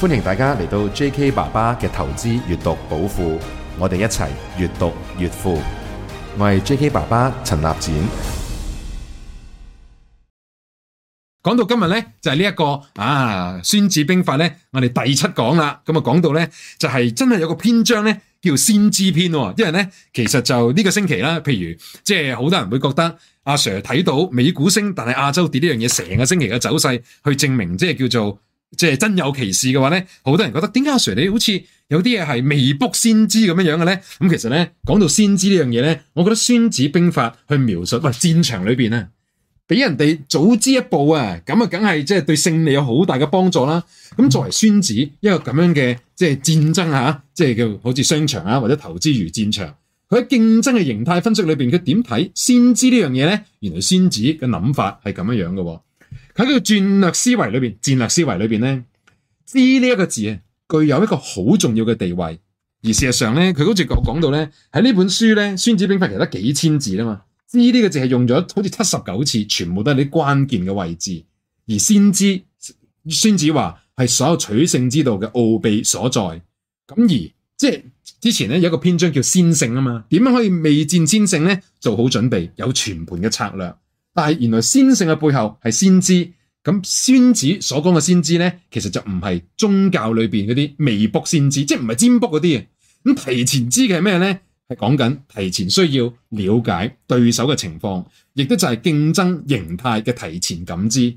歡迎大家嚟到 J.K. 爸爸嘅投資閱讀寶庫，我哋一齊閱讀越富。我係 J.K. 爸爸陳立展。講到今日咧，就係呢一個啊《孫子兵法》咧，我哋第七講啦。咁啊，講到咧就係、是、真係有個篇章咧叫先知篇喎、哦，因為咧其實就呢個星期啦，譬如即係好多人會覺得阿、啊、Sir 睇到美股升，但係亞洲跌呢樣嘢，成個星期嘅走勢去證明，即係叫做。即係真有其事嘅話咧，好多人覺得點解阿 Sir 你好似有啲嘢係未卜先知咁樣樣嘅咧？咁其實咧，講到先知呢樣嘢咧，我覺得《孫子兵法》去描述，喂、哎、戰場裏邊啊，俾人哋早知一步啊，咁啊，梗係即係對勝利有好大嘅幫助啦。咁作為孫子一個咁樣嘅即係戰爭吓，即係叫好似商場啊或者投資如戰場，佢喺競爭嘅形態分析裏邊，佢點睇先知呢樣嘢咧？原來孫子嘅諗法係咁樣樣嘅。喺佢戰略思維裏邊，戰略思維裏邊咧，知呢一個字啊，具有一個好重要嘅地位。而事實上咧，佢好似講到咧，喺呢本書咧，《孫子兵法》其實得幾千字啊嘛。知呢個字係用咗好似七十九次，全部都係啲關鍵嘅位置。而先知，孫子話係所有取勝之道嘅奧秘所在。咁而即係之前咧，有一個篇章叫先勝啊嘛，點樣可以未戰先勝咧？做好準備，有全盤嘅策略。但係原來先勝嘅背後係先知，咁孫子所講嘅先知咧，其實就唔係宗教裏邊嗰啲未卜先知，即係唔係占卜嗰啲啊。咁提前知嘅係咩咧？係講緊提前需要了解對手嘅情況，亦都就係競爭形態嘅提前感知。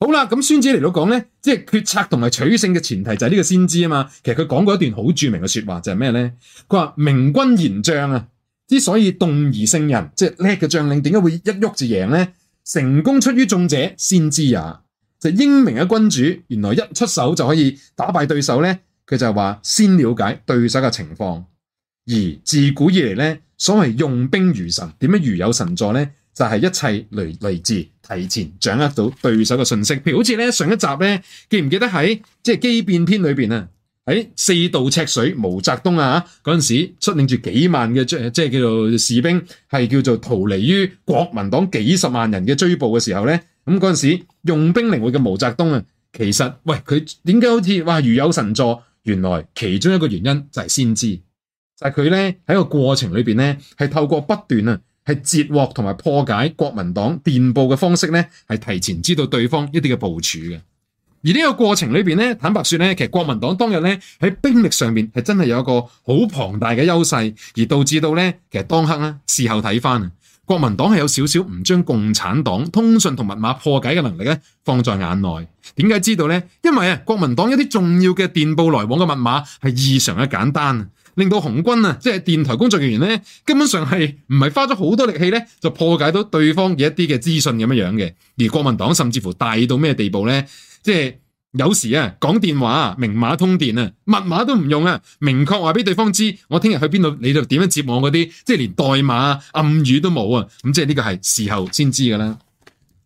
好啦，咁孫子嚟到講咧，即係決策同埋取勝嘅前提就係呢個先知啊嘛。其實佢講過一段好著名嘅說話就係咩咧？佢話明君賢將啊。之所以動而勝人，即係叻嘅將領，點解會一喐就贏呢？成功出於眾者先知也，就英明嘅君主，原來一出手就可以打敗對手呢。佢就話先了解對手嘅情況，而自古以嚟呢，所謂用兵如神，點樣如有神助呢，就係一切嚟嚟自提前掌握到對手嘅信息。譬如好似呢，上一集呢，記唔記得喺即係《機變篇》裏邊啊？喺四渡赤水，毛澤東啊，嗰陣時率領住幾萬嘅即係叫做士兵，係叫做逃離於國民黨幾十萬人嘅追捕嘅時候咧，咁嗰陣時用兵靈活嘅毛澤東啊，其實喂佢點解好似話如有神助？原來其中一個原因就係先知，就係佢咧喺個過程裏邊咧係透過不斷啊係截獲同埋破解國民黨電報嘅方式咧係提前知道對方一啲嘅部署嘅。而呢個過程裏邊咧，坦白說咧，其實國民黨當日咧喺兵力上面係真係有一個好龐大嘅優勢，而導致到咧其實當刻咧，事後睇翻啊，國民黨係有少少唔將共產黨通訊同密碼破解嘅能力咧放在眼內。點解知道咧？因為啊，國民黨一啲重要嘅電報來往嘅密碼係異常嘅簡單，令到紅軍啊即係電台工作人員咧根本上係唔係花咗好多力氣咧就破解到對方嘅一啲嘅資訊咁樣樣嘅。而國民黨甚至乎大到咩地步咧？即係有時啊，講電話啊，明碼通電啊，密碼都唔用啊，明確話俾對方知，我聽日去邊度，你就點樣接我嗰啲，即係連代碼暗語都冇啊，咁即係呢個係事後先知噶啦。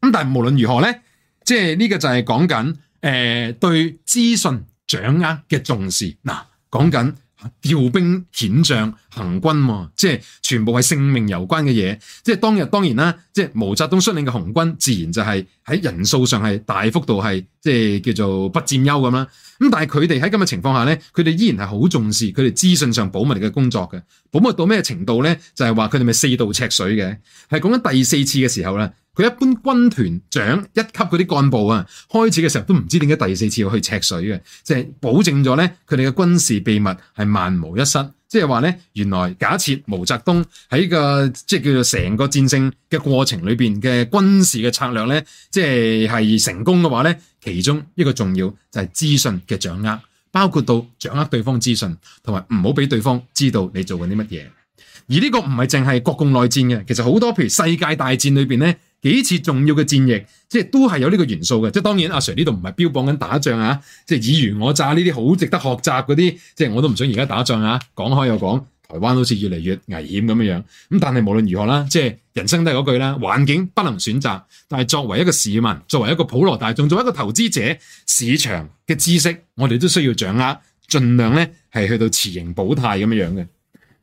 咁但係無論如何咧，即係呢個就係講緊誒對資訊掌握嘅重視嗱，講緊調兵遣將。行軍、啊、即係全部係性命攸關嘅嘢，即係當日當然啦，即係毛澤東率領嘅紅軍，自然就係喺人數上係大幅度係即係叫做不佔優咁啦。咁但係佢哋喺咁嘅情況下咧，佢哋依然係好重視佢哋資訊上保密嘅工作嘅。保密到咩程度咧？就係話佢哋咪四度赤水嘅，係講緊第四次嘅時候呢，佢一般軍團長一級嗰啲幹部啊，開始嘅時候都唔知點解第四次要去赤水嘅，即係保證咗咧佢哋嘅軍事秘密係萬無一失。即係話咧，原來假設毛澤東喺個即係、就是、叫做成個戰勝嘅過程裏邊嘅軍事嘅策略咧，即係係成功嘅話咧，其中一個重要就係資訊嘅掌握，包括到掌握對方資訊，同埋唔好俾對方知道你做緊啲乜嘢。而呢個唔係淨係國共內戰嘅，其實好多譬如世界大戰裏邊咧。幾次重要嘅戰役，即係都係有呢個元素嘅。即係當然，阿 Sir 呢度唔係標榜緊打仗啊，即係爾虞我詐呢啲好值得學習嗰啲。即係我都唔想而家打仗啊。講開又講，台灣好似越嚟越危險咁樣樣。咁但係無論如何啦，即係人生都係嗰句啦，環境不能選擇。但係作為一個市民，作為一個普羅大眾，作為一個投資者，市場嘅知識我哋都需要掌握，盡量咧係去到持盈保泰咁樣樣嘅。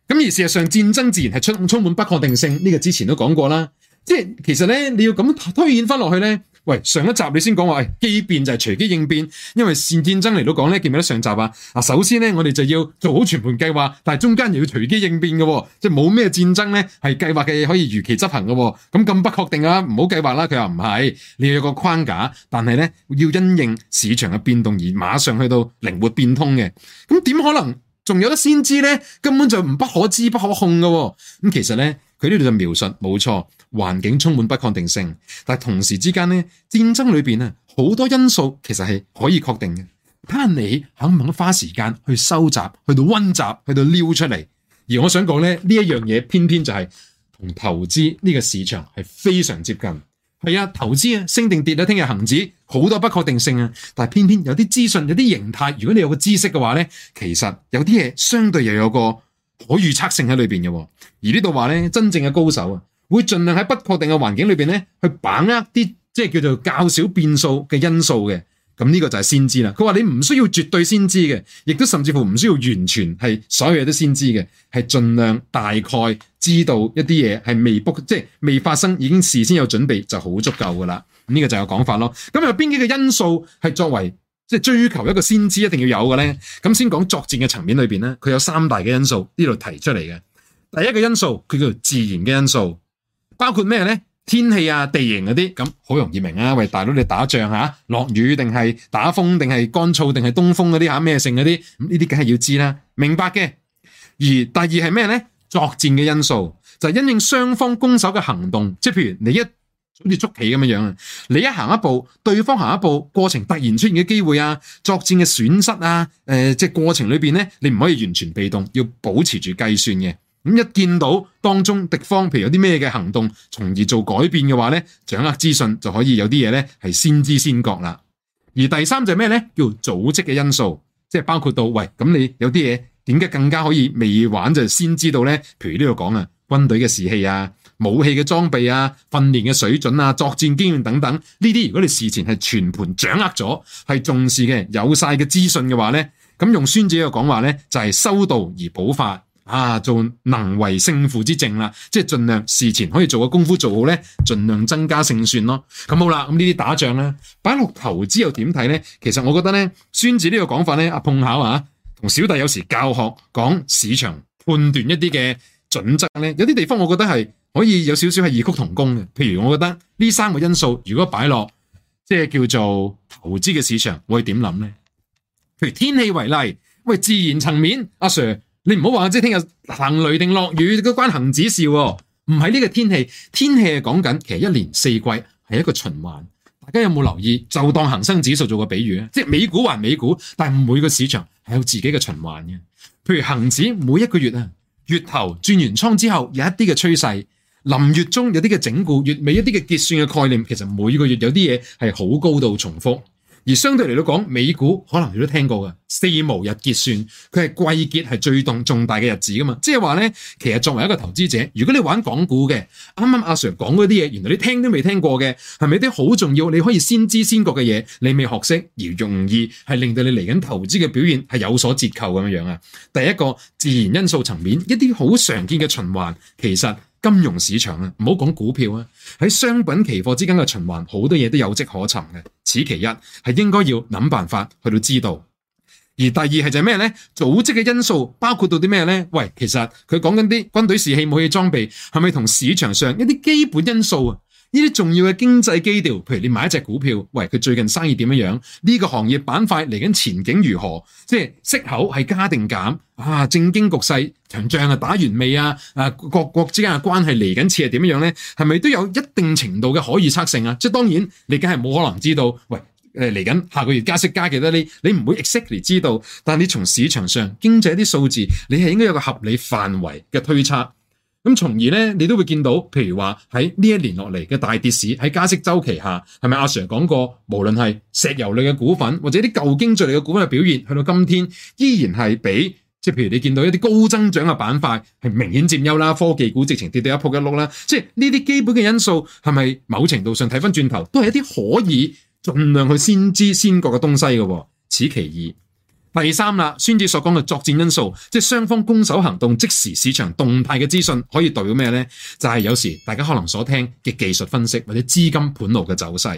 咁而事實上，戰爭自然係充充滿不確定性。呢個之前都講過啦。即係其實咧，你要咁推演翻落去咧，喂，上一集你先講話，誒、哎，機變就係隨機應變，因為善戰爭嚟到講咧，記唔記得上集啊？啊，首先咧，我哋就要做好全盤計劃，但係中間又要隨機應變嘅、哦，即係冇咩戰爭咧係計劃嘅嘢可以如期執行嘅、哦，咁咁不確定啊，唔好計劃啦，佢又唔係，你要有個框架，但係咧要因應市場嘅變動而馬上去到靈活變通嘅，咁點可能仲有得先知咧？根本就唔不可知不可控嘅、哦，咁其實咧。佢呢度嘅描述冇錯，環境充滿不確定性，但係同時之間咧，戰爭裏邊啊，好多因素其實係可以確定嘅。睇下你肯唔肯花時間去收集、去到温習、去到撩出嚟。而我想講咧，呢一樣嘢偏偏就係同投資呢個市場係非常接近。係啊，投資啊，升定跌啦，聽日恒指好多不確定性啊，但係偏偏有啲資訊、有啲形態，如果你有個知識嘅話咧，其實有啲嘢相對又有個。可預測性喺裏邊嘅，而呢度話咧，真正嘅高手啊，會盡量喺不確定嘅環境裏邊咧，去把握啲即係叫做較少變數嘅因素嘅。咁呢個就係先知啦。佢話你唔需要絕對先知嘅，亦都甚至乎唔需要完全係所有嘢都先知嘅，係盡量大概知道一啲嘢係未卜即係未發生已經事先有準備就好足夠噶啦。咁呢個就有講法咯。咁有邊幾個因素係作為？即係追求一個先知一定要有嘅咧，咁先講作戰嘅層面裏邊咧，佢有三大嘅因素呢度提出嚟嘅。第一個因素，佢叫做自然嘅因素，包括咩咧？天氣啊、地形嗰啲，咁好容易明啊。喂，大佬你打仗吓，落雨定係打風定係乾燥定係東風嗰啲吓，咩性嗰啲？咁呢啲梗係要知啦，明白嘅。而第二係咩咧？作戰嘅因素就係因應雙方攻守嘅行動，即係譬如你一。好似捉棋咁樣樣啊！你一行一步，對方行一步，過程突然出現嘅機會啊，作戰嘅損失啊，誒、呃，即、這、係、個、過程裏邊咧，你唔可以完全被動，要保持住計算嘅。咁一見到當中敵方，譬如有啲咩嘅行動，從而做改變嘅話咧，掌握資訊就可以有啲嘢咧係先知先覺啦。而第三就係咩咧？叫做組織嘅因素，即係包括到喂，咁你有啲嘢點解更加可以未玩就先知道咧？譬如呢度講啊，軍隊嘅士氣啊。武器嘅裝備啊、訓練嘅水準啊、作戰經驗等等呢啲，這些如果你事前係全盤掌握咗，係重視嘅有晒嘅資訊嘅話呢，咁用孫子嘅講話呢，就係修道而補法啊，做能為勝負之政啦、啊，即係盡量事前可以做嘅功夫做好呢，盡量增加勝算咯。咁好啦，咁呢啲打仗啦、啊，擺落投資又點睇呢？其實我覺得呢，孫子呢個講法呢，阿碰巧啊，同小弟有時教學講市場判斷一啲嘅準則呢，有啲地方我覺得係。可以有少少係異曲同工嘅，譬如我覺得呢三個因素，如果擺落即係叫做投資嘅市場，我會點諗咧？譬如天氣為例，喂，自然層面，阿 Sir 你唔好話即係聽日行雷定落雨都關恒指事喎，唔係呢個天氣，天氣係講緊其實一年四季係一個循環，大家有冇留意？就當恒生指數做個比喻咧，即係美股還美股，但係每個市場係有自己嘅循環嘅。譬如恒指每一個月啊，月頭轉完倉之後有一啲嘅趨勢。臨月中有啲嘅整固，月尾一啲嘅結算嘅概念，其實每個月有啲嘢係好高度重複。而相對嚟到講，美股可能你都聽過嘅，四無日結算，佢係季結係最重重大嘅日子噶嘛。即係話呢，其實作為一個投資者，如果你玩港股嘅，啱啱阿 Sir 講嗰啲嘢，原來你聽都未聽過嘅，係咪啲好重要？你可以先知先覺嘅嘢，你未學識而容易係令到你嚟緊投資嘅表現係有所折扣咁樣樣啊？第一個自然因素層面，一啲好常見嘅循環，其實。金融市場啊，唔好講股票啊，喺商品期貨之間嘅循環，好多嘢都有迹可尋嘅，此其一，係應該要諗辦法去到知道。而第二係就咩呢？組織嘅因素包括到啲咩呢？喂，其實佢講緊啲軍隊士氣、武器裝備，係咪同市場上一啲基本因素啊？呢啲重要嘅經濟基調，譬如你買一隻股票，喂，佢最近生意點樣？呢個行業板塊嚟緊前景如何？即係息口係加定減啊？政經局勢場仗啊，打完未啊？啊，各國、啊、之間嘅關係嚟緊似係點樣呢？咧？係咪都有一定程度嘅可預測性啊？即係當然，你梗係冇可能知道，喂，嚟、呃、緊下個月加息加幾多呢？你唔會 exactly 知道，但你從市場上經濟啲數字，你係應該有個合理範圍嘅推測。咁從而咧，你都會見到，譬如話喺呢一年落嚟嘅大跌市，喺加息周期下，係咪阿 Sir 講過，無論係石油類嘅股份或者啲舊經濟類嘅股份嘅表現，去到今天依然係比即係，譬如你見到一啲高增長嘅板塊係明顯佔優啦，科技股直情跌到一仆一碌啦，即係呢啲基本嘅因素係咪某程度上睇翻轉頭都係一啲可以盡量去先知先覺嘅東西嘅？此其二。第三啦，孫子所講嘅作戰因素，即係雙方攻守行動、即時市場動態嘅資訊，可以代表咩呢？就係、是、有時大家可能所聽嘅技術分析或者資金盤路嘅走勢。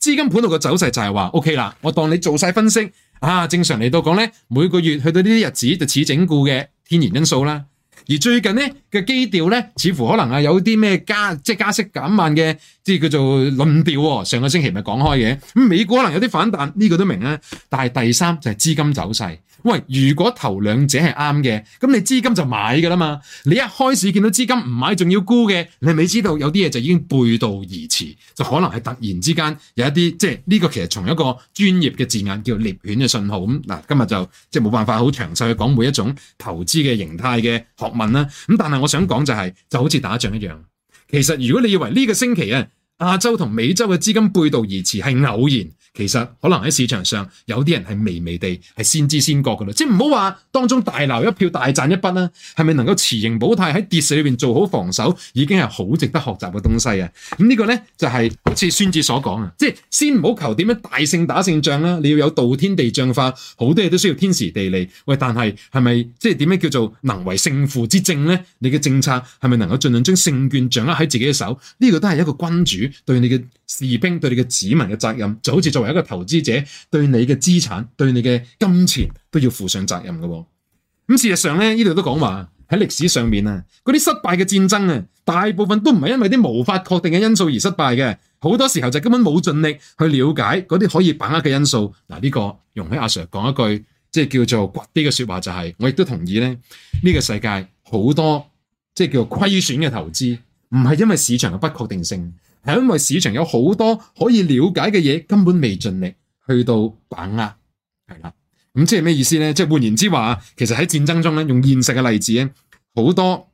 資金盤路嘅走勢就係話，OK 啦，我當你做晒分析啊，正常嚟到講呢，每個月去到呢啲日子就似整固嘅天然因素啦。而最近呢嘅基調呢，似乎可能啊有啲咩加即加息減慢嘅，即叫做論調喎。上個星期咪講開嘅，美國可能有啲反彈，呢個都明啦。但係第三就係資金走勢。喂，如果頭兩者係啱嘅，咁你資金就買㗎啦嘛。你一開始見到資金唔買，仲要沽嘅，你咪知道有啲嘢就已經背道而馳，就可能係突然之間有一啲即係呢個其實從一個專業嘅字眼叫獵犬嘅信號咁嗱。今日就即係冇辦法好詳細去講每一種投資嘅形態嘅學問啦。咁但係我想講就係，就好似打仗一樣，其實如果你以為呢個星期啊亞洲同美洲嘅資金背道而馳係偶然。其實可能喺市場上有啲人係微微地係先知先覺噶啦，即係唔好話當中大撈一票大賺一筆啦，係咪能夠持盈保泰喺跌市裏邊做好防守，已經係好值得學習嘅東西啊！咁呢個咧就係、是、好似孫子所講啊，即係先唔好求點樣大勝打勝仗啦，你要有道天地將法，好多嘢都需要天時地利。喂，但係係咪即係點樣叫做能為勝負之政咧？你嘅政策係咪能夠盡量將勝券掌握喺自己嘅手？呢、這個都係一個君主對你嘅士兵、對你嘅子民嘅責任，就好似作為。有一個投資者對你嘅資產、對你嘅金錢都要負上責任嘅。咁事實上咧，呢度都講話喺歷史上面啊，嗰啲失敗嘅戰爭啊，大部分都唔係因為啲無法確定嘅因素而失敗嘅。好多時候就根本冇盡力去了解嗰啲可以把握嘅因素。嗱、這個，呢個容許阿 Sir 講一句，即係叫做骨啲嘅說話、就是，就係我亦都同意咧。呢、這個世界好多即係叫做虧損嘅投資，唔係因為市場嘅不確定性。係因為市場有好多可以了解嘅嘢，根本未盡力去到把握，係啦。咁即係咩意思咧？即係換言之話，其實喺戰爭中咧，用現實嘅例子咧，好多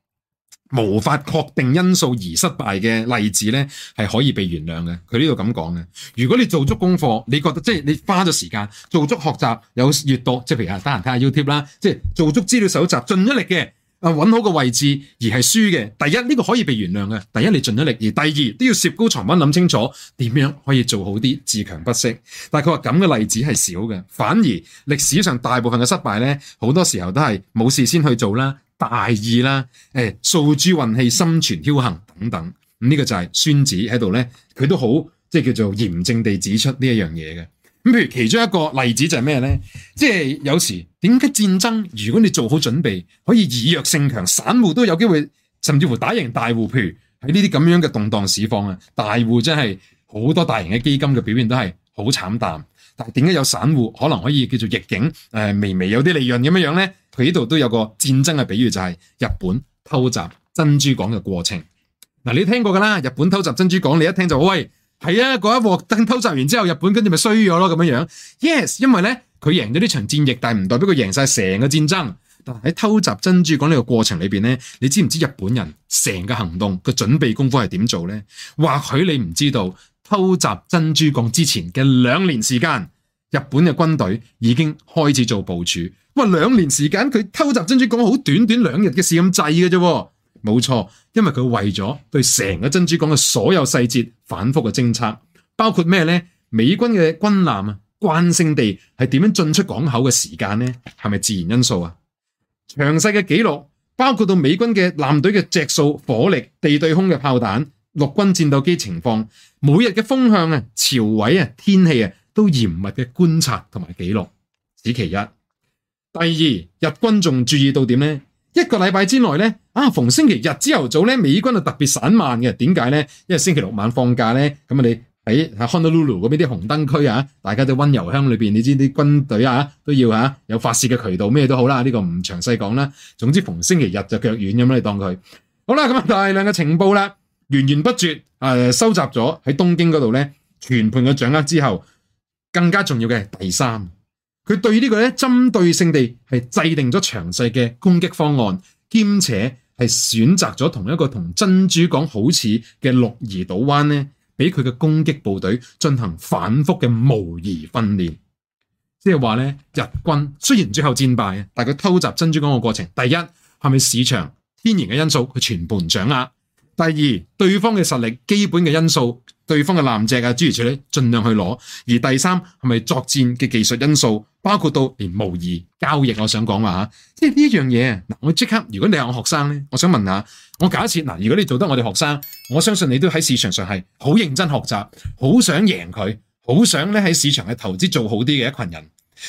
無法確定因素而失敗嘅例子咧，係可以被原諒嘅。佢呢度咁講嘅。如果你做足功課，你覺得即係你花咗時間做足學習有越多，即係譬如啊，得閒睇下 YouTube 啦，即係做足資料搜集盡咗力嘅。啊！搵好個位置而係輸嘅，第一呢個可以被原諒嘅。第一你盡咗力，而第二都要攝高枕頭諗清楚點樣可以做好啲，自強不息。但係佢話咁嘅例子係少嘅，反而歷史上大部分嘅失敗咧，好多時候都係冇事先去做啦，大意啦，誒、哎，訴諸運氣，心存僥倖等等。咁呢個就係孫子喺度咧，佢都好即係叫做嚴正地指出呢一樣嘢嘅。咁譬如其中一個例子就係咩咧？即係有時。點解戰爭？如果你做好準備，可以以弱勝強，散戶都有機會，甚至乎打贏大戶。譬如喺呢啲咁樣嘅動盪市況啊，大戶真係好多大型嘅基金嘅表現都係好慘淡。但係點解有散戶可能可以叫做逆境？誒，微微有啲利潤咁樣樣咧，佢呢度都有個戰爭嘅比喻，就係、是、日本偷襲珍珠港嘅過程。嗱，你聽過噶啦？日本偷襲珍珠港，你一聽就，喂，係啊，嗰一鑊燈偷襲完之後，日本跟住咪衰咗咯，咁樣樣。Yes，因為咧。佢贏咗呢場戰役，但係唔代表佢贏晒成個戰爭。但係喺偷襲珍珠港呢個過程裏邊咧，你知唔知日本人成個行動個準備功夫係點做呢？或許你唔知道偷襲珍珠港之前嘅兩年時間，日本嘅軍隊已經開始做部署。哇，兩年時間佢偷襲珍珠港好短短兩日嘅事咁制嘅啫，冇錯。因為佢為咗對成個珍珠港嘅所有細節反復嘅偵測，包括咩呢？美軍嘅軍艦啊！慣性地係點樣進出港口嘅時間呢？係咪自然因素啊？詳細嘅記錄包括到美軍嘅艦隊嘅隻數、火力、地對空嘅炮彈、陸軍戰鬥機情況、每日嘅風向啊、潮位啊、天氣啊，都嚴密嘅觀察同埋記錄，此其一。第二，日軍仲注意到點呢？一個禮拜之內呢，啊，逢星期日朝頭早呢，美軍就特別散漫嘅。點解呢？因為星期六晚放假呢，咁喺 Honolulu 嗰邊啲紅燈區啊，大家都溫柔鄉裏邊，你知啲軍隊啊都要吓有發洩嘅渠道，咩都好啦，呢、這個唔詳細講啦。總之逢星期日就腳軟咁啦，你當佢好啦。咁啊大量嘅情報啦源源不絕，誒、呃、收集咗喺東京嗰度咧全盤嘅掌握之後，更加重要嘅係第三，佢對呢個咧針對性地係制定咗詳細嘅攻擊方案，兼且係選擇咗同一個同珍珠港好似嘅鹿兒島灣咧。俾佢嘅攻擊部隊進行反覆嘅模擬訓練，即係話呢，日軍雖然最後戰敗，但佢偷襲珍珠港嘅過程，第一係咪市場天然嘅因素佢全盤掌握？第二，對方嘅實力基本嘅因素。對方嘅藍值啊，諸如此類，盡量去攞。而第三係咪作戰嘅技術因素，包括到連模擬交易，我想講話吓，即係呢樣嘢。嗱，我即刻，如果你係我學生咧，我想問下，我假設嗱，如果你做得我哋學生，我相信你都喺市場上係好認真學習，好想贏佢，好想咧喺市場嘅投資做好啲嘅一群人。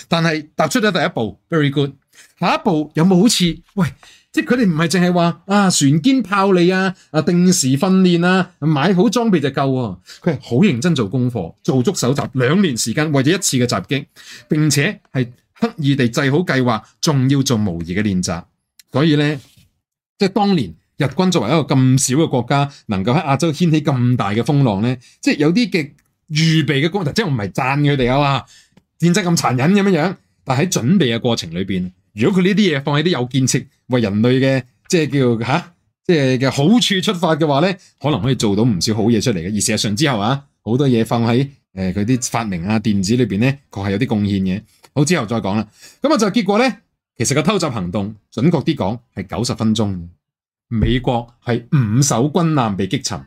但係踏出咗第一步，very good。下一步有冇好似喂？即係佢哋唔係淨係話啊，船堅炮利啊，啊定時訓練啊，買好裝備就夠，啊。佢係好認真做功課，做足手集兩年時間為咗一次嘅襲擊，並且係刻意地制好計劃，仲要做模擬嘅練習。所以咧，即係當年日軍作為一個咁少嘅國家，能夠喺亞洲掀起咁大嘅風浪咧，即係有啲極預備嘅工作。即係唔係讚佢哋啊嘛，戰爭咁殘忍咁樣樣，但係喺準備嘅過程裏邊。如果佢呢啲嘢放喺啲有建設為人類的即係、就是、叫即係、就是、好處出發的話呢，可能可以做到唔少好嘢出來嘅。而事實上之後啊，好多嘢放喺、呃、佢啲發明啊電子裏面呢確係有啲貢獻的，好之後再講啦。咁啊，就結果呢，其實個偷襲行動準確啲講是九十分鐘，美國是五艘軍艦被擊沉，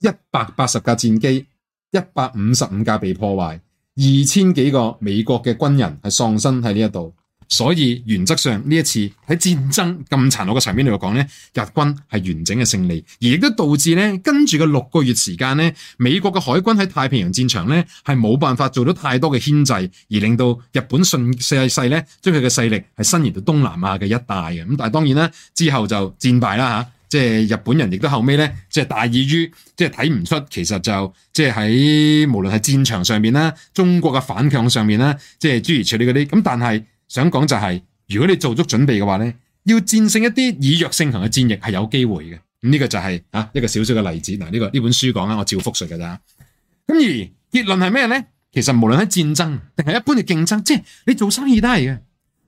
一百八十架戰機，一百五十五架被破壞，二千幾個美國的軍人是喪生在這裏。所以原則上呢一次喺戰爭咁殘酷嘅層面嚟講咧，日軍係完整嘅勝利，而亦都導致咧跟住嘅六個月時間咧，美國嘅海軍喺太平洋戰場咧係冇辦法做到太多嘅牽制，而令到日本順勢勢咧將佢嘅勢力係伸延到東南亞嘅一帶嘅。咁但係當然啦，之後就戰敗啦吓，即係日本人亦都後尾咧，即係大意於即係睇唔出其實就即係喺無論係戰場上面啦、中國嘅反抗上面啦，即係諸如此類嗰啲咁，但係。想講就係、是，如果你做足準備嘅話咧，要戰勝一啲以弱勝強嘅戰役係有機會嘅。咁、嗯、呢、這個就係啊一個小小嘅例子。嗱、這、呢個呢本書講啦，我照複述㗎咋。咁而結論係咩咧？其實無論喺戰爭定係一般嘅競爭，即係你做生意都係嘅。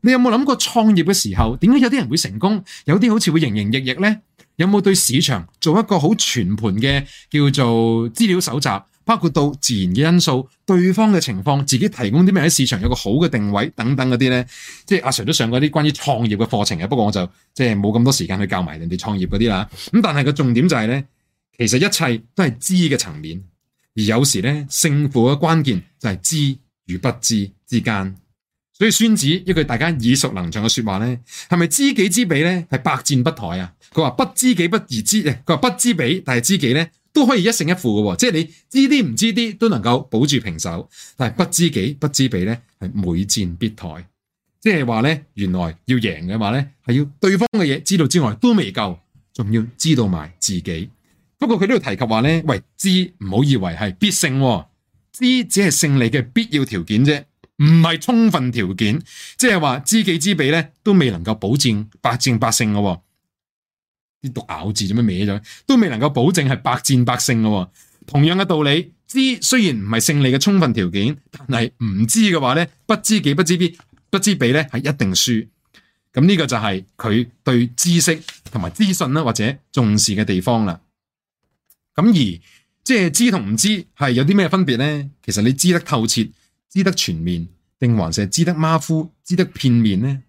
你有冇諗過創業嘅時候，點解有啲人會成功，有啲好似會營營役役咧？有冇對市場做一個好全盤嘅叫做資料搜集？包括到自然嘅因素、對方嘅情況、自己提供啲咩喺市場有個好嘅定位等等嗰啲咧，即係阿 Sir 都上過啲關於創業嘅課程嘅，不過我就即係冇咁多時間去教埋人哋創業嗰啲啦。咁但係個重點就係咧，其實一切都係知嘅層面，而有時咧勝負嘅關鍵就係知與不知之間。所以孫子一句大家耳熟能詳嘅說話咧，係咪知己知彼咧，係百戰不殆啊？佢話不知己不而知，佢話不知彼但係知己咧，都可以一勝一負嘅喎，即係你知啲唔知啲都能夠保住平手，但係不知己不知彼咧，係每戰必殆。即係話咧，原來要贏嘅話咧，係要對方嘅嘢知道之外都未夠，仲要知道埋自己。不過佢呢度提及話咧，喂，知唔好以為係必勝，知只係勝利嘅必要條件啫，唔係充分條件。即係話知己知彼咧，都未能夠保證百戰百勝嘅喎。啲讀咬字做咩歪咗？都未能夠保證係百戰百勝喎，哦。同樣嘅道理，知雖然唔係勝利嘅充分條件，但係唔知嘅話咧，不知己不知彼，不知彼咧係一定輸。咁、這、呢個就係佢對知識同埋資訊啦，或者重視嘅地方啦。咁而即係知同唔知係有啲咩分別咧？其實你知得透徹、知得全面，定還是知得馬虎、知得片面咧？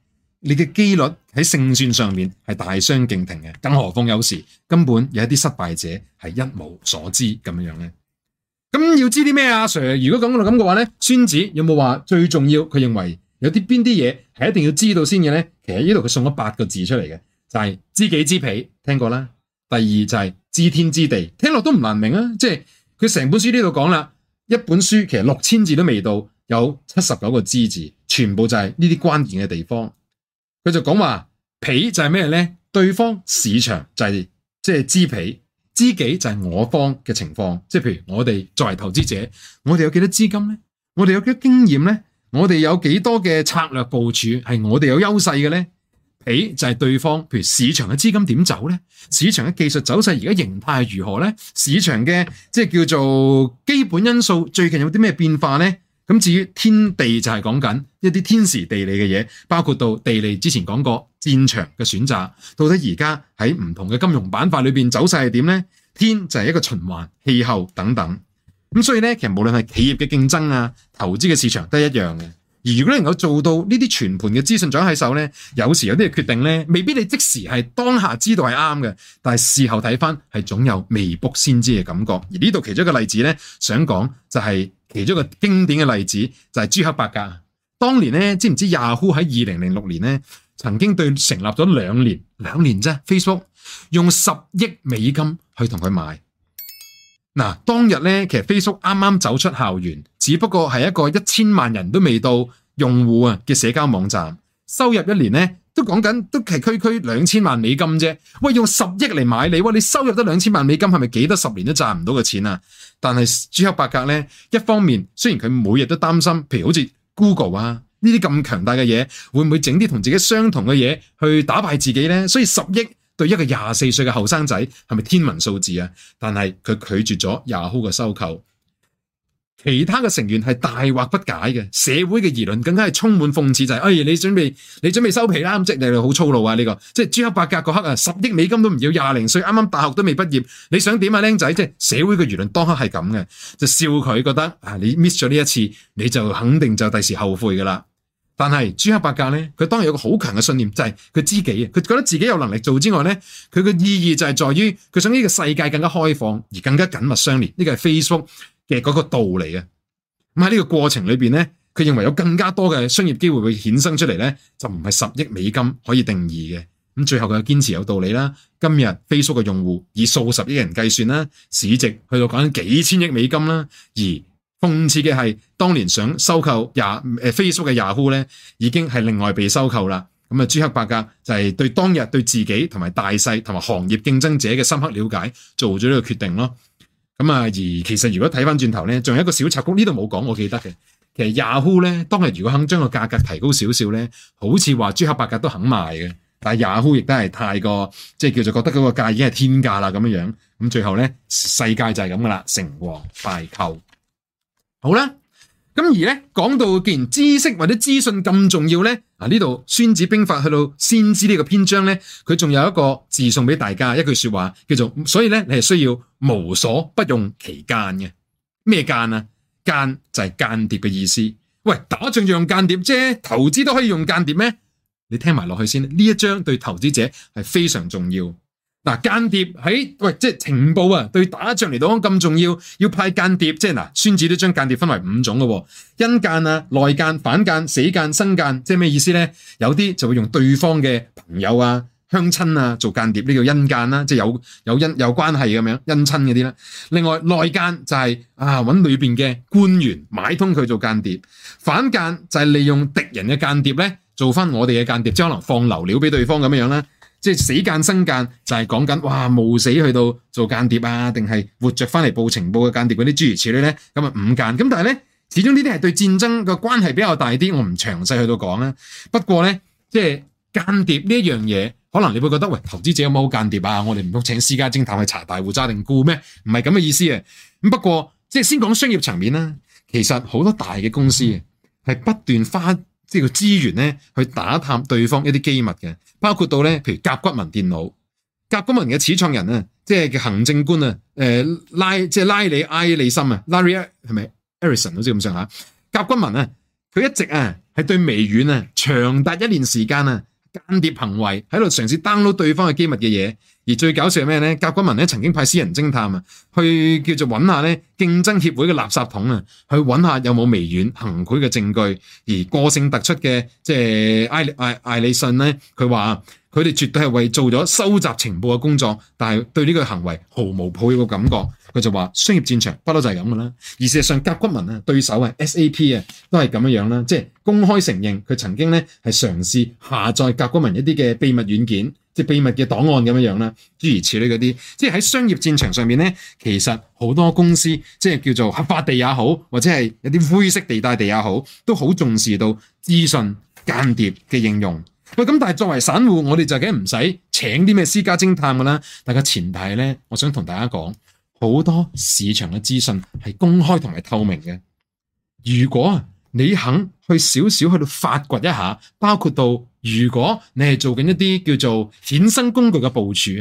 你嘅機率喺勝算上面係大相徑庭嘅，更何況有時根本有一啲失敗者係一無所知咁樣呢？咧。咁要知啲咩麼、啊、Sir 如果講到咁嘅話呢，孫子有冇話有最重要？佢認為有啲邊啲嘢係一定要知道先嘅？其實呢度佢送咗八個字出嚟嘅，就係、是、知己知彼，聽過啦。第二就係知天知地，聽落都唔難明啊。即係佢成本書呢度講啦，一本書其實六千字都未到，有七十九個知字，全部就係呢啲關鍵嘅地方。佢就講話，彼就係咩咧？對方市場就係即係知彼，知己就係我方嘅情況。即係譬如我哋作為投資者，我哋有幾多資金咧？我哋有幾多經驗咧？我哋有幾多嘅策略部署係我哋有優勢嘅咧？彼就係對方，譬如市場嘅資金點走咧？市場嘅技術走勢而家形態如何咧？市場嘅即係叫做基本因素最近有啲咩變化咧？咁至於天地就係講緊一啲天時地利嘅嘢，包括到地利之前講過戰場嘅選擇。到底而家喺唔同嘅金融板塊裏面走勢係點呢？天就係一個循環氣候等等。咁所以呢，其實無論係企業嘅競爭啊、投資嘅市場都係一樣嘅。而如果你能夠做到呢啲全盤嘅資訊掌喺手呢，有時有啲嘅決定呢，未必你即時係當下知道係啱嘅，但係事後睇翻係總有未卜先知嘅感覺。而呢度其中一個例子呢，想講就係、是。其中一個經典嘅例子就是朱克伯格。當年呢，知唔知 Yahoo 喺二零零六年呢，曾經對成立咗兩年，兩年啫 Facebook 用十億美金去同佢買。嗱、啊，當日呢，其實 Facebook 啱啱走出校園，只不過係一個一千萬人都未到用戶啊，嘅社交網站，收入一年呢。都講緊都係區區兩千萬美金啫，喂，用十億嚟買你，喂，你收入得兩千萬美金，係咪幾多十年都賺唔到嘅錢啊？但係朱克伯格呢，一方面雖然佢每日都擔心，譬如好似 Google 啊呢啲咁強大嘅嘢，會唔會整啲同自己相同嘅嘢去打敗自己呢？所以十億對一個廿四歲嘅後生仔，係咪天文數字啊？但係佢拒絕咗 Yahoo 嘅收購。其他嘅成員係大惑不解嘅，社會嘅輿論更加係充滿諷刺，就係、是、哎，你準備你準備收皮啦，即、這、即、個、你好粗魯啊呢、這個，即係朱克伯格嗰刻啊，十億美金都唔要，廿零歲啱啱大學都未畢業，你想點啊，僆仔？即係社會嘅輿論當刻係咁嘅，就笑佢，覺得啊，你 miss 咗呢一次，你就肯定就第時後悔㗎喇。但係朱克伯格呢，佢當然有個好強嘅信念，就係佢知己啊，佢覺得自己有能力做之外呢，佢嘅意義就係在於佢想呢個世界更加開放而更加緊密相連，呢、這個係 Facebook。嘅嗰個道理嘅，咁喺呢個過程裏邊咧，佢認為有更加多嘅商業機會會衍生出嚟咧，就唔係十億美金可以定義嘅。咁最後佢嘅堅持有道理啦。今日 Facebook 嘅用戶以數十億人計算啦，市值去到講緊幾千億美金啦。而諷刺嘅係，當年想收購雅誒 Facebook 嘅 Yahoo 咧，已經係另外被收購啦。咁啊，朱克伯格就係對當日對自己同埋大勢同埋行業競爭者嘅深刻了解，做咗呢個決定咯。咁啊，而其實如果睇翻轉頭咧，仲有一個小插曲，呢度冇講我記得嘅。其實 Yahoo 咧當日如果肯將個價格提高少少咧，好似話朱克伯格都肯賣嘅，但係 Yahoo 亦都係太過，即係叫做覺得嗰個價已經係天價啦咁樣樣。咁最後咧，世界就係咁噶啦，成王敗寇。好啦。咁而咧講到既然知識或者資訊咁重要咧，啊呢度《孫子兵法》去到先知呢個篇章咧，佢仲有一個字送俾大家一句說話，叫做所以咧你係需要無所不用其間嘅。咩間啊？間就係間諜嘅意思。喂，打仗要用間諜啫，投資都可以用間諜咩？你聽埋落去先，呢一章對投資者係非常重要。嗱，間諜喺、欸、喂，即係情報啊，對打仗嚟講咁重要，要派間諜。即係嗱，孫子都將間諜分為五種嘅，因間啊、內間、反間、死間、生間，即係咩意思咧？有啲就會用對方嘅朋友啊、鄉親啊做間諜，呢叫因間啦，即係有有有關係咁樣因親嗰啲啦。另外內間就係、是、啊揾裏面嘅官員買通佢做間諜，反間就係利用敵人嘅間諜咧做翻我哋嘅間諜，即係可能放流料俾對方咁樣樣啦。即係死間生間，就係講緊哇，冒死去到做間諜啊，定係活着翻嚟報情報嘅間諜嗰啲諸如此類咧。咁啊五間咁，但係咧，始終呢啲係對戰爭嘅關係比較大啲，我唔詳細去到講啦。不過咧，即係間諜呢一樣嘢，可能你會覺得喂，投資者有冇間諜啊？我哋唔通請私家偵探去查大戶揸定沽咩？唔係咁嘅意思啊。咁不過即係先講商業層面啦，其實好多大嘅公司呀係不斷花。即係個資源呢，去打探對方一啲機密嘅，包括到呢，譬如甲骨文電腦，甲骨文嘅始創人呢，即係行政官啊，誒，拉，即係拉里埃里森啊，拉里，係咪？埃里森好似咁上下。甲骨文啊，佢一直啊，係對微軟啊，長達一年時間啊。間諜行為喺度嘗試 download 對方嘅機密嘅嘢，而最搞笑係咩呢？甲骨文咧曾經派私人偵探啊，去叫做揾下咧競爭協會嘅垃圾桶啊，去揾下有冇微軟行賄嘅證據。而個性突出嘅即係艾艾艾利遜咧，佢話佢哋絕對係為做咗收集情報嘅工作，但係對呢個行為毫無抱有嘅感覺。佢就話商業戰場不嬲就係咁噶啦，而事實上甲骨文啊對手係 SAP 啊都係咁樣樣啦，即係公開承認佢曾經咧係嘗試下載甲骨文一啲嘅秘密軟件，即係秘密嘅檔案咁樣樣啦，諸如此類嗰啲，即係喺商業戰場上面咧，其實好多公司即係叫做合法地也好，或者係有啲灰色地帶地也好，都好重視到資訊間諜嘅應用。喂，咁但係作為散戶，我哋就梗唔使請啲咩私家偵探噶啦，但係前提咧，我想同大家講。好多市場嘅資訊係公開同埋透明嘅。如果你肯去少少去到發掘一下，包括到如果你係做緊一啲叫做衍生工具嘅部署，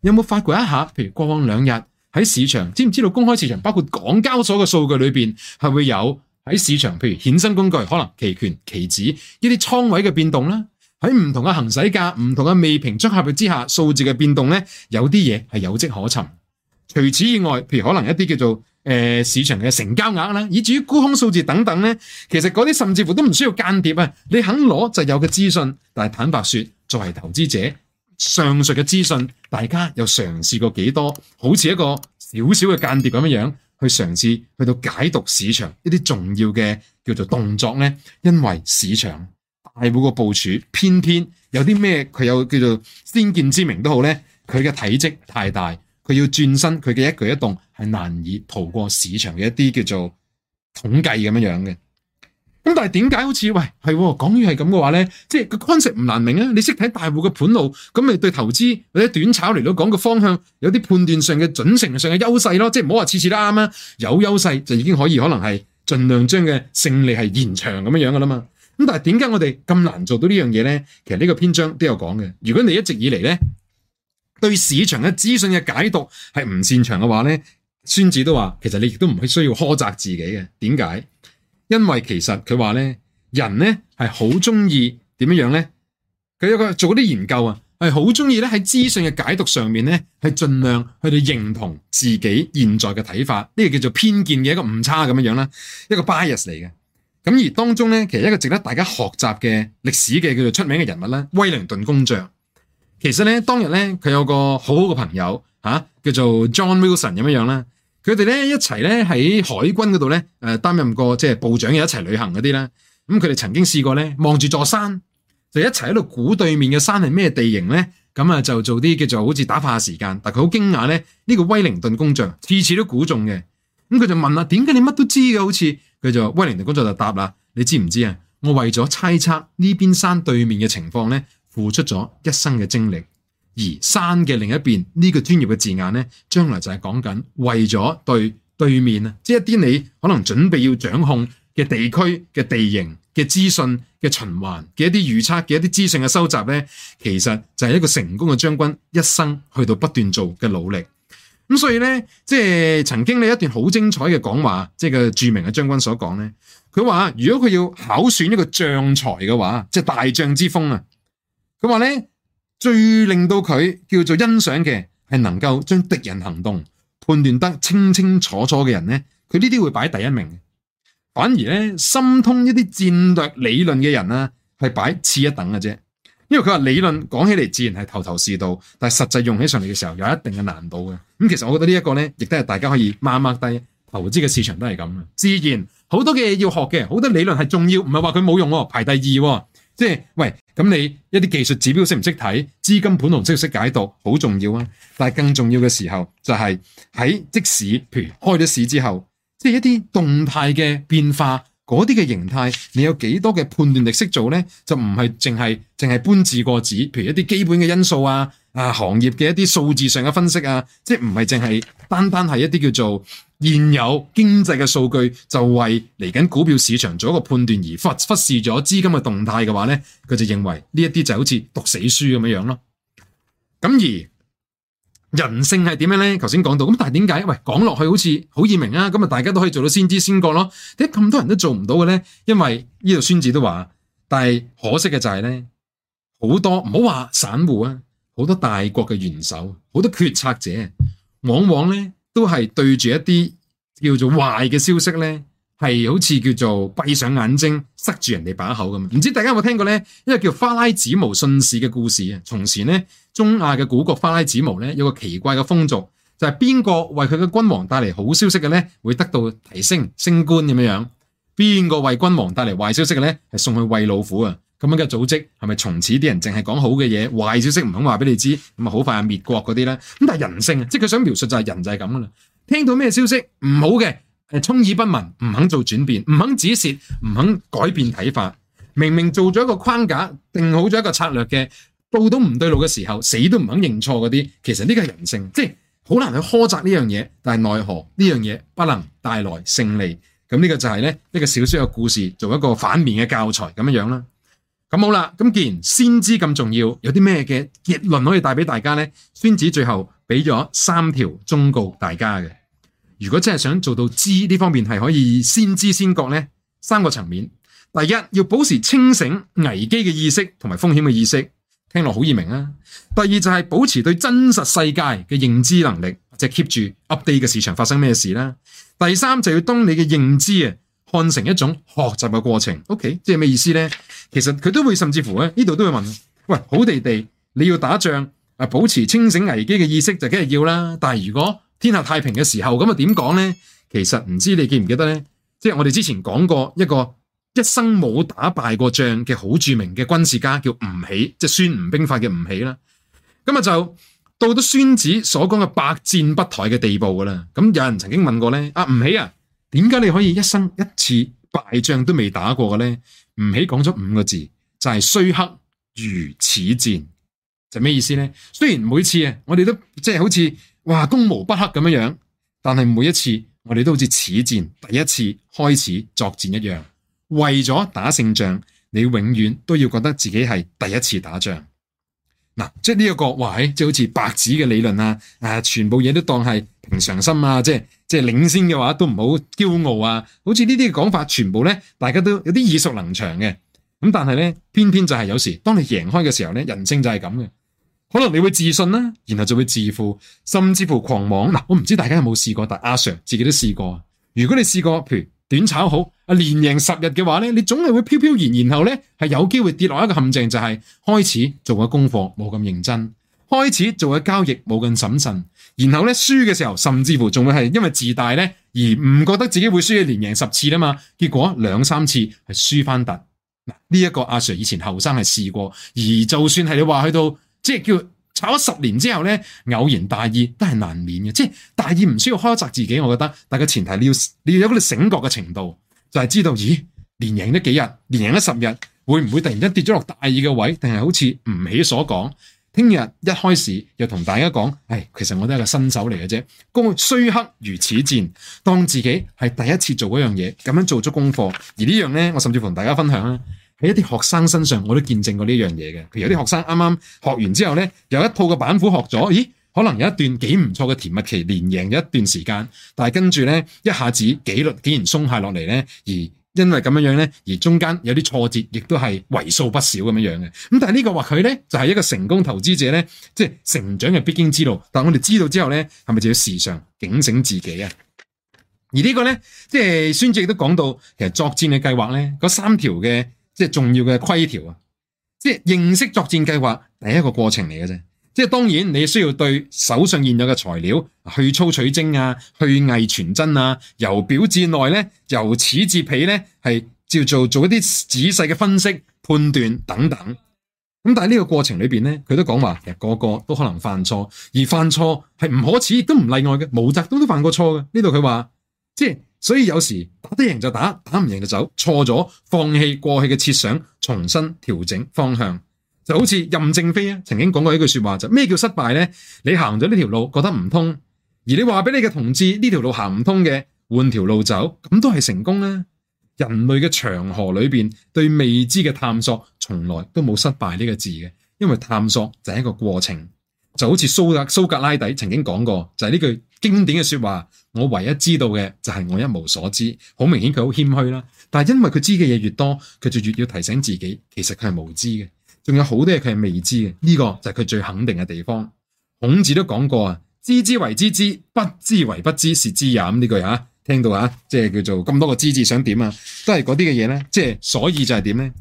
有冇發掘一下？譬如過往兩日喺市場，知唔知道公開市場包括港交所嘅數據裏邊係會有喺市場，譬如衍生工具可能期權、期指呢啲倉位嘅變動啦，喺唔同嘅行使價、唔同嘅未平倉合約之下，數字嘅變動咧，有啲嘢係有迹可尋。除此以外，譬如可能一啲叫做誒、呃、市場嘅成交額啦，以至於沽空數字等等咧，其實嗰啲甚至乎都唔需要間諜啊！你肯攞就有嘅資訊，但係坦白說，作為投資者，上述嘅資訊大家又嘗試過幾多？好似一個少少嘅間諜咁樣樣去嘗試去到解讀市場一啲重要嘅叫做動作咧，因為市場大戶個部署偏偏有啲咩佢有叫做先見之明都好咧，佢嘅體積太大。佢要轉身，佢嘅一舉一動係難以逃過市場嘅一啲叫做統計咁樣嘅。咁但係點解好似喂係、哦、講完係咁嘅話咧？即係個 concept 唔難明啊！你識睇大戶嘅盤路，咁咪對投資或者短炒嚟到講個方向有啲判斷上嘅準成上嘅優勢咯。即係唔好話次次都啱啦，有優勢就已經可以可能係盡量將嘅勝利係延長咁樣樣噶啦嘛。咁但係點解我哋咁難做到呢樣嘢咧？其實呢個篇章都有講嘅。如果你一直以嚟咧，對市場嘅資訊嘅解讀係唔擅長嘅話咧，孫子都話，其實你亦都唔係需要苛責自己嘅。點解？因為其實佢話咧，人咧係好中意點樣樣咧，佢有個做啲研究啊，係好中意咧喺資訊嘅解讀上面咧，係盡量去到認同自己現在嘅睇法，呢、這個叫做偏見嘅一個誤差咁樣樣啦，一個 bias 嚟嘅。咁而當中咧，其實一個值得大家學習嘅歷史嘅叫做出名嘅人物啦，威靈頓公爵。其實咧，當日咧，佢有個好好嘅朋友，吓、啊、叫做 John Wilson 咁樣樣啦。佢哋咧一齊咧喺海軍嗰度咧，誒、呃、擔任過即係部長又一齊旅行嗰啲啦。咁佢哋曾經試過咧望住座山，就一齊喺度估對面嘅山係咩地形咧。咁啊就做啲叫做好似打發下時間。但佢好驚訝咧，呢、這個威靈頓公爵次次都估中嘅。咁佢就問啦：點解你乜都知嘅？好似佢就威靈頓公爵就答啦：你知唔知啊？我為咗猜測呢邊山對面嘅情況咧。付出咗一生嘅精力，而山嘅另一邊呢、這個專業嘅字眼呢，將來就係講緊為咗對對面啊，即係一啲你可能準備要掌控嘅地區嘅地形嘅資訊嘅循環嘅一啲預測嘅一啲資訊嘅收集呢，其實就係一個成功嘅將軍一生去到不斷做嘅努力。咁所以呢，即係曾經呢一段好精彩嘅講話，即係個著名嘅將軍所講呢，佢話如果佢要考選一個將才嘅話，即係大將之風啊！佢話咧，最令到佢叫做欣賞嘅係能夠將敵人行動判斷得清清楚楚嘅人咧，佢呢啲會擺第一名。反而咧，心通一啲戰略理論嘅人啦、啊，係擺次一等嘅啫。因為佢話理論講起嚟自然係頭頭是道，但係實際用起上嚟嘅時候有一定嘅難度嘅。咁其實我覺得呢一個咧，亦都係大家可以抹抹低，投資嘅市場都係咁嘅。自然好多嘅嘢要學嘅，好多理論係重要，唔係話佢冇用，排第二，哦。即係喂，咁你一啲技術指標識唔識睇，資金盤同識唔識解讀，好重要啊！但係更重要嘅時候就係喺即使譬如開咗市之後，即係一啲動態嘅變化。嗰啲嘅形態，你有幾多嘅判斷力識做呢？就唔係淨係淨係搬字過紙，譬如一啲基本嘅因素啊，啊行業嘅一啲數字上嘅分析啊，即係唔係淨係單單係一啲叫做現有經濟嘅數據就為嚟緊股票市場做一個判斷而忽忽視咗資金嘅動態嘅話呢，佢就認為呢一啲就好似讀死書咁樣樣咯。咁而人性係點樣咧？頭先講到咁，但係點解？喂，講落去好似好易明啊！咁啊，大家都可以做到先知先覺咯。點解咁多人都做唔到嘅咧？因為呢度孫子都話，但係可惜嘅就係、是、咧，好多唔好話散戶啊，好多大國嘅元首，好多決策者，往往咧都係對住一啲叫做壞嘅消息咧，係好似叫做閉上眼睛塞住人哋把口咁啊！唔知大家有冇聽過咧？一個叫花剌子模信使嘅故事啊，從前咧。中亞嘅古國花拉子模咧，有個奇怪嘅風俗，就係邊個為佢嘅君王帶嚟好消息嘅咧，會得到提升升官咁樣樣；邊個為君王帶嚟壞消息嘅咧，係送去餵老虎啊！咁樣嘅組織是是從，係咪從此啲人淨係講好嘅嘢，壞消息唔肯話俾你知？咁啊，好快啊滅國嗰啲咧。咁但係人性啊，即係佢想描述就係人就係咁啦。聽到咩消息唔好嘅，係充耳不聞，唔肯做轉變，唔肯止蝕，唔肯改變睇法。明明做咗一個框架，定好咗一個策略嘅。到到唔對路嘅時候，死都唔肯認錯嗰啲，其實呢個係人性，即係好難去苛責呢樣嘢。但係奈何呢樣嘢不能帶來勝利，咁呢個就係呢一個小説嘅故事，做一個反面嘅教材咁樣啦。咁好啦，咁既然先知咁重要，有啲咩嘅結論可以帶俾大家呢？孫子最後俾咗三條忠告大家嘅。如果真係想做到知呢方面係可以先知先覺呢三個層面：第一，要保持清醒危機嘅意識同埋風險嘅意識。聽落好易明啊！第二就係保持對真實世界嘅認知能力，即係 keep 住 update 嘅市場發生咩事啦。第三就要當你嘅認知啊看成一種學習嘅過程。OK，即係咩意思咧？其實佢都會甚至乎咧呢度都會問：喂，好地地，你要打仗啊？保持清醒危機嘅意識就梗係要啦。但係如果天下太平嘅時候咁啊，點講咧？其實唔知你記唔記得咧？即係我哋之前講過一個。一生冇打敗過仗嘅好著名嘅軍事家叫吳起，即係《孫吳兵法》嘅吳起啦。咁啊，就到咗孫子所講嘅百戰不殆嘅地步噶啦。咁有人曾經問過咧，啊吳起啊，點解你可以一生一次敗仗都未打過嘅咧？吳起講咗五個字，就係雖克如此戰，就咩意思咧？雖然每次啊，我哋都即係好似哇，攻無不克咁樣樣，但係每一次我哋都好似此戰第一次開始作戰一樣。為咗打勝仗，你永遠都要覺得自己係第一次打仗。嗱、啊，即係呢一個話，係就好似白紙嘅理論啊，誒、啊，全部嘢都當係平常心啊，即係即係領先嘅話都唔好驕傲啊。好似呢啲嘅講法，全部咧，大家都有啲耳熟能詳嘅。咁、嗯、但係咧，偏偏就係有時當你贏開嘅時候咧，人性就係咁嘅。可能你會自信啦、啊，然後就會自負，甚至乎狂妄。嗱、啊，我唔知大家有冇試過，但阿、啊、Sir 自己都試過。如果你試過，譬如。短炒好，啊連贏十日嘅話咧，你總係會飄飄然，然後咧係有機會跌落一個陷阱，就係、是、開始做嘅功課冇咁認真，開始做嘅交易冇咁審慎，然後咧輸嘅時候，甚至乎仲會係因為自大咧而唔覺得自己會輸嘅連贏十次啊嘛，結果兩三次係輸翻突。嗱呢一個阿 Sir 以前後生係試過，而就算係你話去到即係叫。炒咗十年之後咧，偶然大意都係難免嘅，即係大意唔需要苛責自己，我覺得，但係個前提你要你要有個啲醒覺嘅程度，就係、是、知道咦，連贏得幾日，連贏咗十日，會唔會突然間跌咗落大意嘅位？定係好似吳起所講，聽日一開始又同大家講，唉，其實我都係個新手嚟嘅啫，功雖克如此戰，當自己係第一次做嗰樣嘢，咁樣做足功課，而呢樣咧，我甚至乎同大家分享喺一啲學生身上，我都見證過呢樣嘢嘅。譬如有啲學生啱啱學完之後咧，有一套個板斧學咗，咦？可能有一段幾唔錯嘅甜蜜期，連贏咗一段時間。但係跟住咧，一下子紀律竟然鬆懈落嚟咧，而因為咁樣樣咧，而中間有啲挫折，亦都係為數不少咁樣樣嘅。咁但係呢個話，佢咧就係一個成功投資者咧，即係成長嘅必經之路。但係我哋知道之後咧，係咪就要時常警醒自己啊？而呢個咧，即係孫子亦都講到，其實作戰嘅計劃咧，嗰三條嘅。即係重要嘅規條啊！即係認識作戰計劃第一個過程嚟嘅啫。即係當然你需要對手上現有嘅材料去粗取精啊，去偽存真啊，由表至內咧，由此至彼咧，係照做做一啲仔細嘅分析、判斷等等。咁但係呢個過程裏邊咧，佢都講話，其實個個都可能犯錯，而犯錯係唔可恥，亦都唔例外嘅。毛澤東都犯過錯嘅。呢度佢話即係。所以有時打得贏就打，打唔贏就走，錯咗放棄過去嘅設想，重新調整方向，就好似任正非啊曾經講過一句說話就「咩叫失敗呢？你行咗呢條路覺得唔通，而你話俾你嘅同志呢條路行唔通嘅，換條路走，咁都係成功啦啊。」人類嘅長河裏面，對未知嘅探索，從來都冇失敗呢個字嘅，因為探索就係一個過程。就好似蘇格蘇格拉底曾經講過，就係呢句經典嘅說話。我唯一知道嘅就係我一無所知。好明顯佢好謙虛啦。但係因為佢知嘅嘢越多，佢就越要提醒自己，其實佢係無知嘅。仲有好多嘢佢係未知嘅。呢個就係佢最肯定嘅地方。孔子都講過啊，知之為知之，不知為不知，是知也。咁呢句吓，聽到啊，即係叫做咁多個知字，想點啊？都係嗰啲嘅嘢咧。即係所以就係點咧？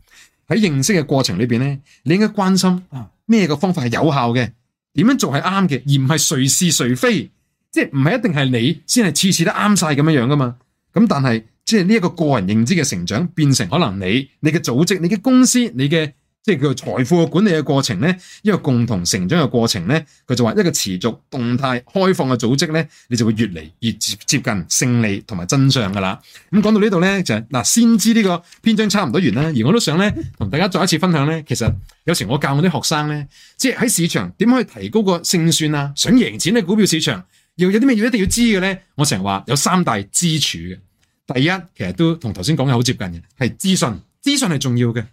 喺認識嘅過程裏邊咧，你應該關心啊咩個方法係有效嘅。點樣做係啱嘅，而唔係誰是誰非，即係唔係一定係你先係次次都啱晒咁樣樣㗎嘛？咁但係即係呢一個個人認知嘅成長，變成可能你、你嘅組織、你嘅公司、你嘅。即係叫財富管理嘅過程咧，一個共同成長嘅過程咧，佢就話一個持續動態開放嘅組織咧，你就會越嚟越接近勝利同埋真相噶啦。咁講到呢度咧，就係嗱先知呢個篇章差唔多完啦。而我都想咧同大家再一次分享咧，其實有時我教我啲學生咧，即係喺市場點可以提高個勝算啊？想贏錢嘅股票市場又有啲咩要一定要知嘅咧？我成日話有三大支柱嘅。第一，其實都同頭先講嘅好接近嘅，係資訊，資訊係重要嘅。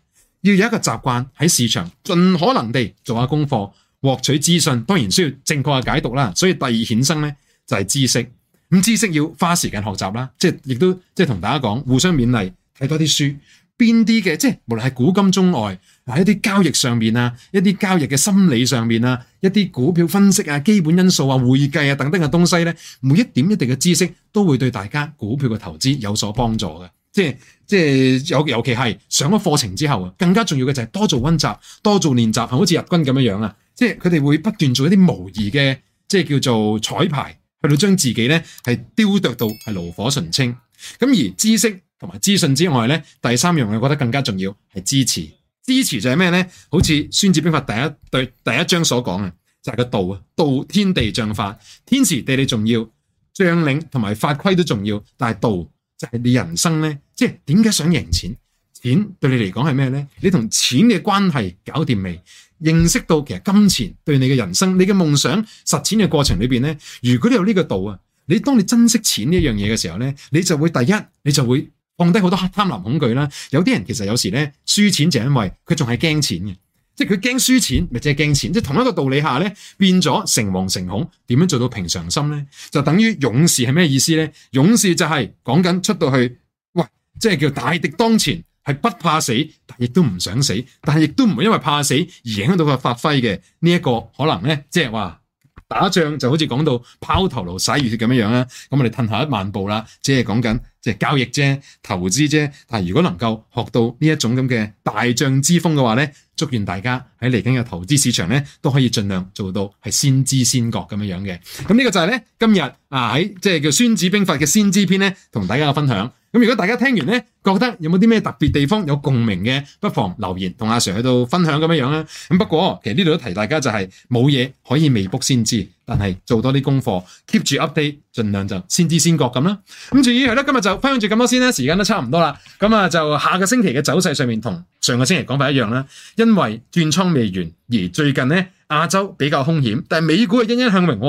要有一個習慣喺市場盡可能地做下功課，獲取資訊，當然需要正確嘅解讀啦。所以第二衍生咧就係知識，咁知識要花時間學習啦，即係亦都即係同大家講互相勉勵，睇多啲書。邊啲嘅即係無論係古今中外，喺一啲交易上面啊，一啲交易嘅心理上面啊，一啲股票分析啊、基本因素啊、會計啊等等嘅東西咧，每一點一滴嘅知識都會對大家股票嘅投資有所幫助嘅。即係即係尤其係上咗課程之後啊，更加重要嘅就係多做溫習，多做練習，好似日軍咁樣樣啊。即係佢哋會不斷做一啲模擬嘅，即係叫做彩排，去到將自己咧係雕琢到係爐火純青。咁而知識同埋資訊之外咧，第三樣我覺得更加重要係支持。支持就係咩咧？好似《孫子兵法》第一對第一章所講啊，就係、是、個道啊，道天地將法，天時地利重要，將領同埋法規都重要，但係道。就係你人生咧，即係點解想贏錢？錢對你嚟講係咩咧？你同錢嘅關係搞掂未？認識到其實金錢對你嘅人生、你嘅夢想實踐嘅過程裏邊咧，如果你有呢個度啊，你當你珍惜錢呢樣嘢嘅時候咧，你就會第一，你就會放低好多貪婪恐懼啦。有啲人其實有時咧輸錢就因為佢仲係驚錢嘅。即係佢驚輸錢，咪即係驚錢。即係同一個道理下咧，變咗成，誠惶誠恐，點樣做到平常心咧？就等於勇士係咩意思咧？勇士就係講緊出到去，喂，即係叫大敵當前，係不怕死，但亦都唔想死，但係亦都唔會因為怕死而影響到佢發揮嘅呢一個可能咧，即係話。打仗就好似講到拋頭顱灑熱血咁樣樣啦，咁我哋褪下一萬步啦，即係講緊即係交易啫，投資啫，但係如果能夠學到呢一種咁嘅大將之風嘅話咧，祝願大家喺嚟緊嘅投資市場咧都可以盡量做到係先知先覺咁樣樣嘅，咁呢個就係咧今日啊喺即係叫孫子兵法嘅先知篇咧同大家嘅分享。咁如果大家聽完呢覺得有冇啲咩特別地方有共鳴嘅，不妨留言同阿 Sir 喺度分享咁樣樣啦。咁不過其實呢度都提大家就係冇嘢可以未卜先知，但係做多啲功課，keep 住 update，盡量就先知先覺咁啦。咁至於係啦，今日就分享住咁多先啦，時間都差唔多啦。咁啊，就下個星期嘅走勢上面同上個星期講法一樣啦，因為轉倉未完，而最近呢。亞洲比較凶險，但係美股係欣欣向榮，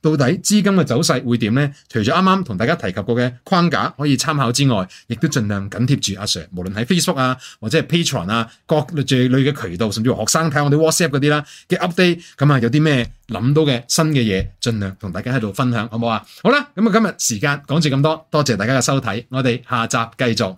到底資金嘅走勢會點呢？除咗啱啱同大家提及過嘅框架可以參考之外，亦都盡量緊貼住阿 Sir，無論喺 Facebook 啊或者係 Patreon 啊各類嘅渠道，甚至學生睇我哋 WhatsApp 嗰啲啦嘅 update，咁啊有啲咩諗到嘅新嘅嘢，盡量同大家喺度分享，好唔好啊？好啦，咁啊今日時間講住咁多，多謝大家嘅收睇，我哋下集繼續。